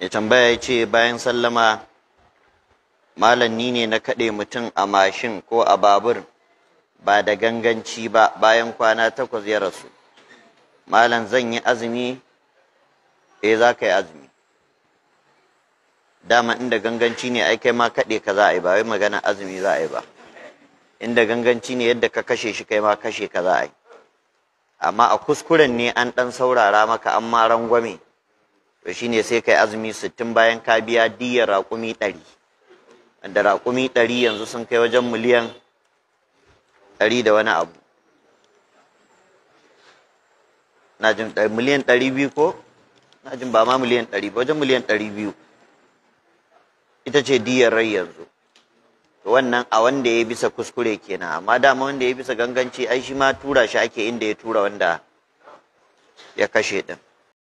ya tambaya ya ce bayan sallama malam ni ne na kaɗe mutum a mashin ko a babur ba da ganganci ba bayan kwana takwas ya rasu malam zan yi azumi eh za ka yi azumi dama inda ganganci ne ai kai ma kaɗe ka za a yi ba wai magana azumi za a yi ba inda ganganci ne yadda ka kashe shi kai ma kashe ka za a yi amma a kuskuren ne an ɗan saurara maka an ma rangwame to shine sai kai azumi sittin bayan ka biya diya raƙumi ɗari da raƙumi ɗari yanzu sun kai wajen miliyan ɗari da wani abu na jin miliyan ɗari biyu ko na jin ba ma miliyan ɗari ba wajen miliyan ɗari biyu ita ce diyar rai yanzu to wannan a wanda ya bisa kuskure kenan amma dama wanda ya bisa ganganci ai shi ma tura shi ake inda ya tura wanda ya kashe ɗin